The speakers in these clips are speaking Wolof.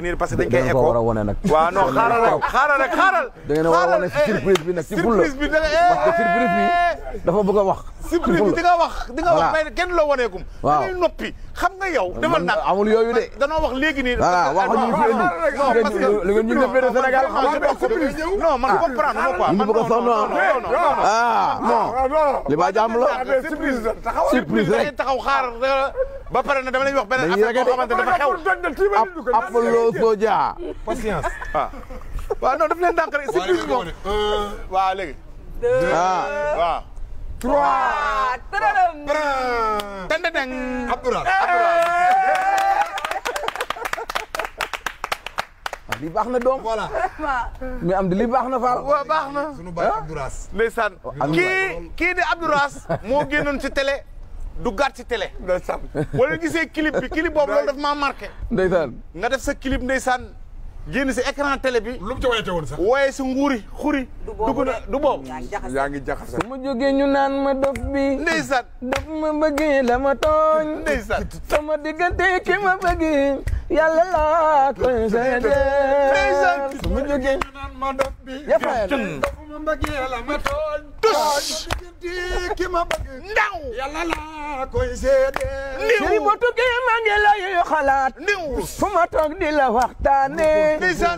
dégg nii parce que dañ koy écho war a da ngeen a eh, bi nag ci bul la parce eh. bi dafa bëgg a wax sibri di nga wax di nga wax may kenn la waneekum waaw dañuy noppi xam nga yow demal nag wax léegi nii waxuñu fi indi li ngeen ñu def de Sénégal xam nga non man ah. comprendre ma quoi man non non ah, ah non li ma jàmm taxaw xaar euh, ba pare na dama lay wax beneen affaire boo xamante dafa xew Apollo Sodia patience ah. waaw non daf leen dànk rek surprise moom waaw léegi trois. tërërëm. tërërëm. Abdoulaye. li baax na doom voilà. mais am di li baax na Fall. waaw baax na sunu baay Abdouraas. ndeysaan oh, kii kii di Abdouraas moo génnoon ci télé du gàtt ci télé. ndeysaan wala gisee clip bi clip boobu loolu daf maa marqué. ndeysaan nga def sa clip ndeysaan. génn si écran télé bi. lu mu ci woyatee woon sax. woye si nguuri xuri. du boobu du boobu. yaa ngi jaxase ma jógee ñu naan ma dof bi. ndeysaan dof ma bëggee la ma tooñ. ndeysaan sama diggante ki ma bëggee yàlla laa koy seede. ndeysaan su yafaayal ma mbëggeel la ma toon dus ki ma bëgg ma tukkee la yu xalaat niw fu ma toog di la waxtaane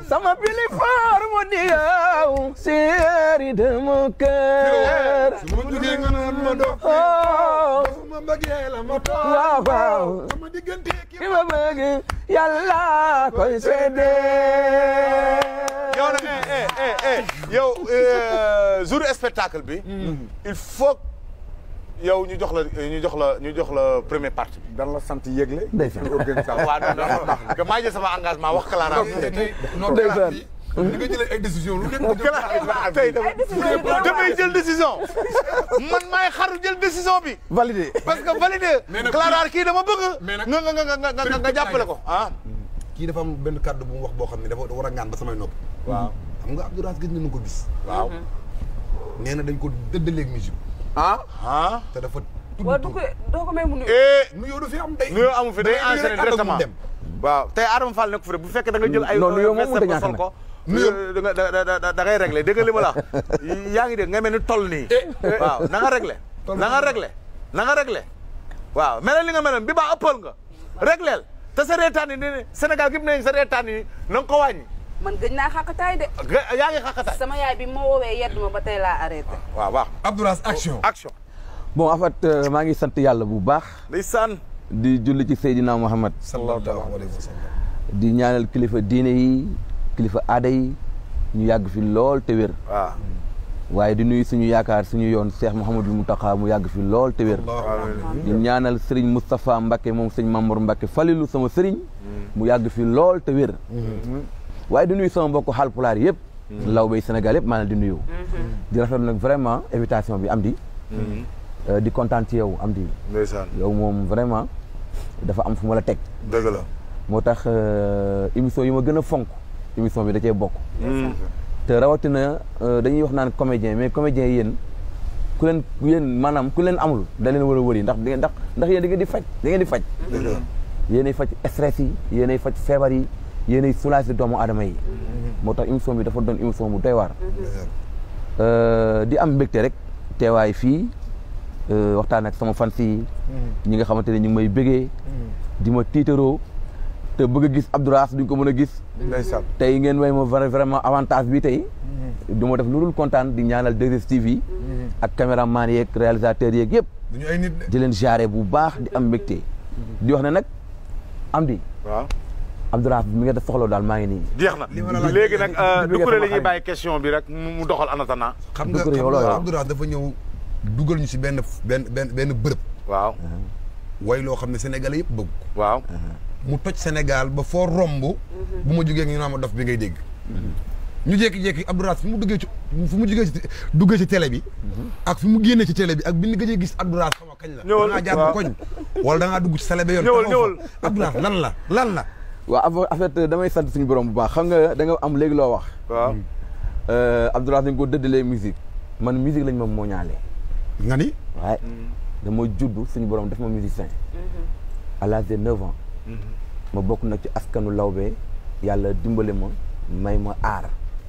sama pili faar mu di yow seeri de mu kër su ma oh. ki ma bëgg yàlla koy seede Eh, yow eh, jour spectacle bi. il faut yow ñu jox la ñu jox la ñu jox la premier partie bi. dan la sant yëgle. day fenn organisation waaw non non maa jël sama engagement wax Clara. non day di nga jëlee ay décision lu nekk damay jël décision man maay xaru jël décision bi. validé parce que validé. Clara kii dama bëgg. nga nga nga nga nga jàppale ko ah. kii dafa am benn kàddu bu mu wax boo xam ne dafa war a ngaan ba samay nopp waaw. xam nga Abdourahmane gëj nañu ko gis. waaw mhm. nee na dañ ko dëddaleeg musique. Ah. ah ah te dafa. waaw du ko doo ko may mu nuyu. Eh. nuyoo du fi am day. nuyoo amu fi day enchaîner directement waaw tey Adama Fall nekk fi rek bu fekkee da nga jël ay. non nuyoo moom mënut a ñàkk nag euh, da nga da da da ngay réglé dégg nga li ma la yaa ngi dégg nga mel ni toll nii. Eh. waaw na nga réglé. na nga réglé na nga réglé. waaw mel li nga mel bi ba ëppal nga. régleel te sa reetaan yi ne Sénégal gi mu ne sa reetaan yi na nga ko wàññi. man gëj naa xaqataay de. yaa ngi xaqataay. sama yaay bi ma woowee yedduma ba tey laa arrêté. Ah, waaw action oh, action. bon euh, maa ngi sant yàlla bu baax. ndeysaan. di julli ci Seydina Muhammad. sallallahu wa di ñaanal kilifa diine kilifa aada yi ñu yàgg fi lool te wér. Ah. waaye di nuyu suñu yaakaar suñu yoon Cheikh mu Mountakha mu yàgg fi lool te wér di ñaanal sëriñ Moustapha Mbacke moom sëñ Mamour Mbacke falilu sama sëriñ mm. mu yàgg fi lool te wér mm-hmm. waaye di nuyu sama mbokku xaalpulaar yëpp. Mm-hmm. lawbéy Sénégal yëpp maa ngi di nuyu. Mm-hmm. di nag vraiment invitation bi am di. Mm-hmm. Euh, di kontaan ci yow am di. ndeysaan yow moom vraiment dafa am fu ma la teg. dëgg la moo tax euh, émission yi ma gën a fonk émission bi da cee bokk. te rawatina euh, dañuy wax naan comédien mais comédien yéen. ku leen yéen maanaam ku leen amul da leen war a wëri ndax ndax ndax yéen da ngeen di faj dangeen di faj. yéenay faj stress yi yéenay faj feebar yi. yéenay soulager doomu aadama yi moo tax émission bi dafa doon émission bu doy waar euh, di am mbégte rek teewaay fii euh, waxtaan ak sama fans yi ñi nga xamante ne ñu ngi may bëggee di ma tiitaroo te bëgg a gis Abdourass duñ ko mën a gis tey ngeen way ma vraiment avantage bi tey mhm. du ma def lu dul kontaan di ñaanal 2STV yi mhm. ak caméraman yeeg réalisateurs yeeg yëpp di leen jaare bu baax di am mbégte mhm. di wax na nag am di Abdoulaye mi nga def foxloo daal maa ngi nii. jeex na léegi nag Doucouré la euh, ñuy bàyyi question bi rek mu doxal anatana. xam nga Abdoulaye dafa ñëw dugal ñu si benn benn benn benn bërëb. waaw. loo xam ne sénégalais yëpp bëgg waaw. mu toj Sénégal ba foo romb. bu ma jugee ñu ma dof bi ngay dégg. ñu jékki-jékki Abdoulaye fi mu duggee ci fi mu jugee ci duggee ci télé bi. ak fi mu génnee ci télé bi ak bi ñu gis Abdoulaye sama kañ la. ñëwal waaw da ngaa jàpp koñ. wala da ngaa dugg ci sale ba yoon. ñëwal ñëwal Abdoulaye lan la lan la. waaw en fait damay sant suñu borom bu baax xam nga da am léegi loo wax. waaw hmm. euh, Abdoulaye dañ ko dëddalee musique man musique lañ ma mooñaale. nga ni. waaye hmm. dama judd suñu borom def ma musicien. Hmm. à l'âge de neuf ans. ma bokk nag ci askanu lawbe yàlla dimbale ma may ma aar.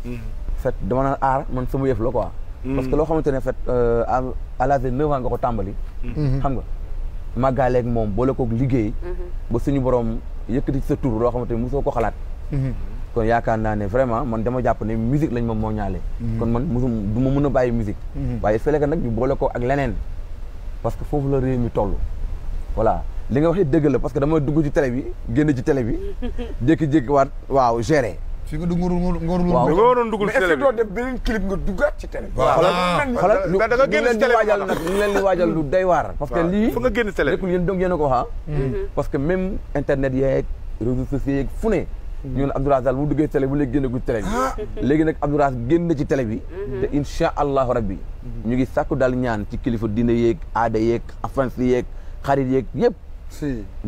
en fait dama naan aar man sama yëf la quoi. parce que loo xamante ne en fait euh, à l'âge neuf ans nga ko tàmbali. xam nga màggaaleeg moom boole koog liggéey. ba suñu borom. yëkkati ci sa tur loo xamante ni mosoo ko xalaat mhm. kon yaakaar naa ne vraiment man dama jàpp ne musique lañ ma moo ñaale mhm. kon man mosum du ma mën a bàyyi musique mhm. waaye il fallait nag ñu boole ko ak leneen parce que foofu la réew mi toll voilà li nga waxee dëgg la parce que dama dugg ci télé bi génn ci tele bi jékki-jékki waat waaw géré fi nga du nguur nguur nguur nguur. waaw nga dugul ci télé bi mais est-ce que doo nga duggaat ci télé. waaw nga génn ci télé waajal leen di lu day waar. parce nga génn télé nekkul yéen donc ko hmm. parce que même internet yeeg réseaux sociaux fu ne. Hmm. ñu ne Abdoulaye daal bu duggee télé bu léegi génneegul télé bi. Ah. léegi nag Abdoulaye génn na ci tele bi. Hmm. te incha allahu rabbi ñu ngi sàkku daal ñaan ci kilifa diine yeeg aada yeeg affaires yeeg xarit yeeg yëpp.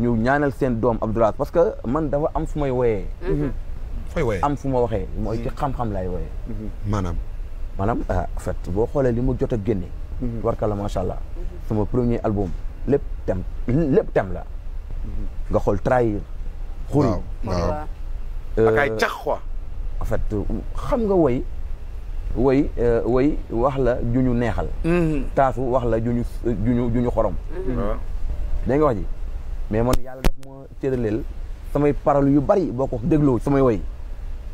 ñu ñaanal seen doom Abdoulaye parce que man dafa am fu may woyee am fu ma waxee mooy ci xam-xam laay wooyee maanaam maanaam ah, en fait boo xoolee li mu jot a génne warka la macha allah sama premier album lépp tem tem la nga xool trahir xuri euh, ak ay cax quoi en xam nga woy woy euh, woy wax la ju ñu neexal taasu wax la juñu juñu ju ñu xorom dégg wax ji mais man yàlla def ma cëraleel samay parole yu bari boo ko dégloo samay woy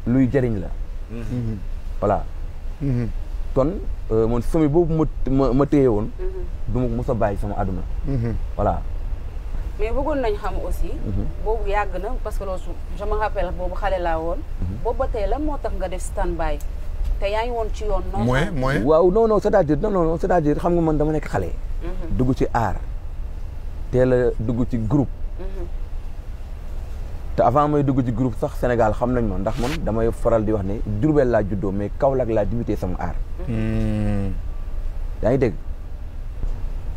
luy jëriñ la. Mm-hmm. voilà. Mm-hmm. kon euh, man famille boobu ma ma téye woon. Mm-hmm. du mu mos bàyyi sama àdduna. voilà. mais bëggoon nañ xam aussi. boobu yàgg na parce que loolu je me rappelle boobu xale laa woon. boobu ba tey lan moo tax nga def stand by te yaa ngi woon ci yoon. mooy mooy waaw non non c'est-à-dire non non xam nga man dama nekk xale. dugg ci aar teel a dugg ci group te avant mooy dugg ci groupe sax Sénégal xam nañ ma ndax man damay faral di wax ne Diourbel laa juddoo mais Kaolack laa débuté sama art. Hmm. yaa ngi dégg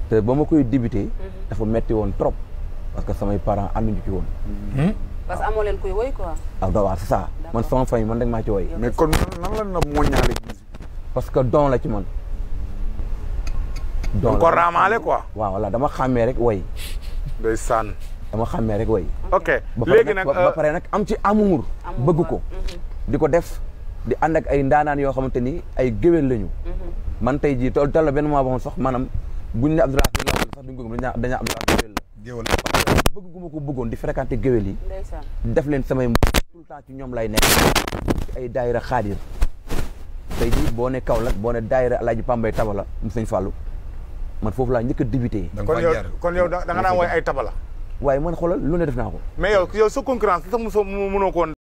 te ba ma koy débuté. Hmm. dafa metti woon trop parce que samay parents ànduñu ci woon. Hmm. parce que amoo leen koy woy quoi. ah waaw c'est ça man sama famille man rek maa ci woy. mais parce que don la ci man. don la ko raamaale quoi. waaw voilà dama xàmmee rek woy. day sànn. dama xàmmee rek way ok léegi nag ba euh, pare nag am ci amour bëgg ko mhm. di ko def di ànd ak ay ndaanaan yoo xamante ni ay géwél lañu mhm. man tey jii tool tool la benn moment boo xam sax maanaam buñ ne Abdoulaye Géwél la sax ko bëgg gu ma ko bëggoon di fréquenté géwél yi def leen samay m tout temps ci ñoom lay nekk ay daayira xaadir tey jii boo ne kaw Kaolack boo ne daayira Alaaji Pambay Tabala mu sëñ Fallou man foofu laa njëkk a débuté kon yow da nga naan woy ay tabala waaye man xoolal lu ne def naa ko. mais yow yow sa concurrence sax mu soo mënoo ko woon